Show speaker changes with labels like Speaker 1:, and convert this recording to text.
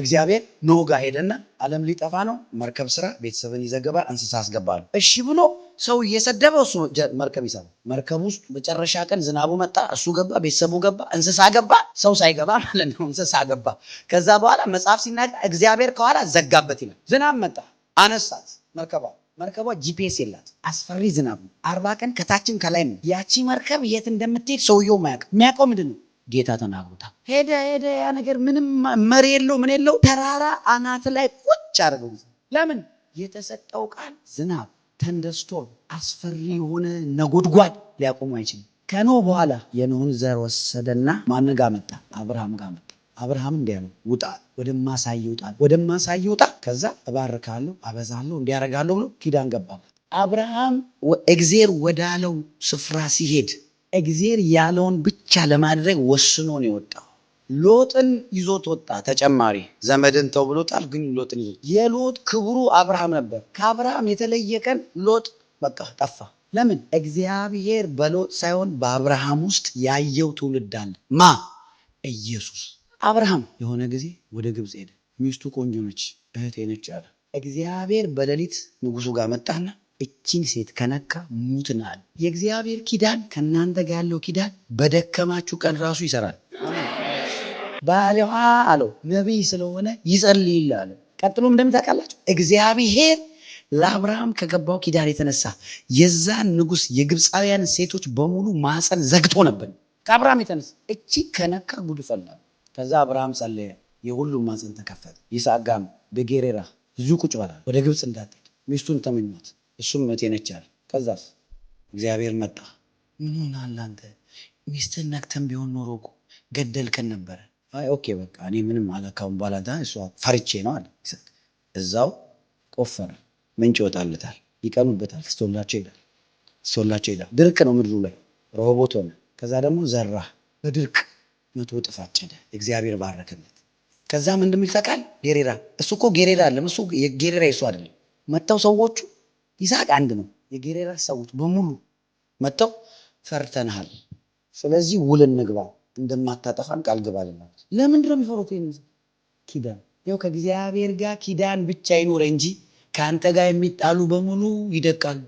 Speaker 1: እግዚአብሔር ኖጋ ሄደና ዓለም ሊጠፋ ነው፣ መርከብ ስራ፣ ቤተሰብን ይዘገባል፣ እንስሳ አስገባል። እሺ ብሎ ሰው እየሰደበው እሱ መርከብ ይሰራ። መርከብ ውስጥ መጨረሻ ቀን ዝናቡ መጣ፣ እሱ ገባ፣ ቤተሰቡ ገባ፣ እንስሳ ገባ፣ ሰው ሳይገባ ማለት ነው። እንስሳ ገባ። ከዛ በኋላ መጽሐፍ ሲናገር እግዚአብሔር ከኋላ ዘጋበት ይላል። ዝናብ መጣ፣ አነሳት መርከቧ መርከቧ ጂፒኤስ የላት አስፈሪ ዝናብ ነው። አርባ ቀን ከታችን ከላይ ነው ያቺ መርከብ የት እንደምትሄድ ሰውየው ማያውቅ። የሚያውቀው ምንድን ነው ጌታ ተናግሮታል። ሄደ ሄደ ያ ነገር ምንም መሪ የለው ምን የለው ተራራ አናት ላይ ቁጭ አድርገው። ለምን የተሰጠው ቃል ዝናብ ተንደስቶ አስፈሪ የሆነ ነጎድጓድ ሊያቆሙ አይችልም። ከኖ በኋላ የኖህን ዘር ወሰደና ማን ጋር መጣ? አብርሃም ጋር መጣ። አብርሃም እንዲ ውጣ፣ ወደማሳይ ውጣ፣ ወደማሳይ ውጣ፣ ከዛ እባርካለሁ፣ አበዛለሁ፣ እንዲያረጋለሁ ብሎ ኪዳን ገባበት። አብርሃም እግዜር ወዳለው ስፍራ ሲሄድ እግዚር ያለውን ብቻ ለማድረግ ወስኖ ነው የወጣው። ሎጥን ይዞት ወጣ። ተጨማሪ ዘመድን ተው ግን ሎጥን ይዞት የሎጥ ክብሩ አብርሃም ነበር። ከአብርሃም የተለየ ቀን ሎጥ በቃ ጠፋ። ለምን? እግዚአብሔር በሎጥ ሳይሆን በአብርሃም ውስጥ ያየው ትውልድ አለ። ማ ኢየሱስ አብርሃም የሆነ ጊዜ ወደ ግብፅ ሄደ። ሚስቱ ቆንጆ ነች፣ እህቴ ነች አለ። እግዚአብሔር በሌሊት ንጉሱ ጋር መጣና እቺን ሴት ከነካ ሙትናል። የእግዚአብሔር ኪዳን ከእናንተ ጋር ያለው ኪዳን በደከማችሁ ቀን ራሱ ይሰራል። ባሊዋ አለው ነቢይ ስለሆነ ይጸልይል አለ። ቀጥሎ እንደምን እግዚአብሔር ለአብርሃም ከገባው ኪዳን የተነሳ የዛን ንጉሥ የግብፃውያን ሴቶች በሙሉ ማፀን ዘግቶ ነበር ከአብርሃም የተነሳ። እቺ ከነካ ጉድ ፈላል። ከዛ አብርሃም ጸለየ፣ የሁሉም ማፀን ተከፈተ። ይስሐቅ ጋም በጌሬራ ብዙ ቁጭ ብላ ወደ ግብፅ እንዳትሄድ ሚስቱን ተመኟት። እሱም እቴ ነች አለ። ከዛስ እግዚአብሔር መጣ። ምን ሆናል አንተ? ሚስትህን ነክተን ቢሆን ኖሮ እኮ ገደልከን ነበረ። አይ ኦኬ በቃ እኔ ምንም አላካሁን በኋላ እሷ ፈርቼ ነው አለ። እዛው ቆፈረ፣ ምንጭ ይወጣለታል፣ ይቀኑበታል፣ ስቶላቸው ይላል ስቶላቸው ይላል። ድርቅ ነው ምድሩ ላይ ረሆቦት ሆነ። ከዛ ደግሞ ዘራ በድርቅ መቶ እጥፍ አጨደ። እግዚአብሔር ባረከለት። ከዛ ምንድን የሚል ታውቃል? ጌሬራ እሱ እኮ ጌሬራ አለም እሱ ጌሬራ ይሱ አይደለም መጥተው ሰዎቹ ይስሐቅ አንድ ነው። የጌሬራ ሰዎች በሙሉ መጥተው ፈርተንሃል፣ ስለዚህ ውል እንግባ፣ እንደማታጠፋን ቃል ግባልና። ለምንድነው የሚፈሩት? ይህን ኪዳን ያው ከእግዚአብሔር ጋር ኪዳን ብቻ ይኖረ እንጂ ከአንተ ጋር የሚጣሉ በሙሉ ይደቃሉ።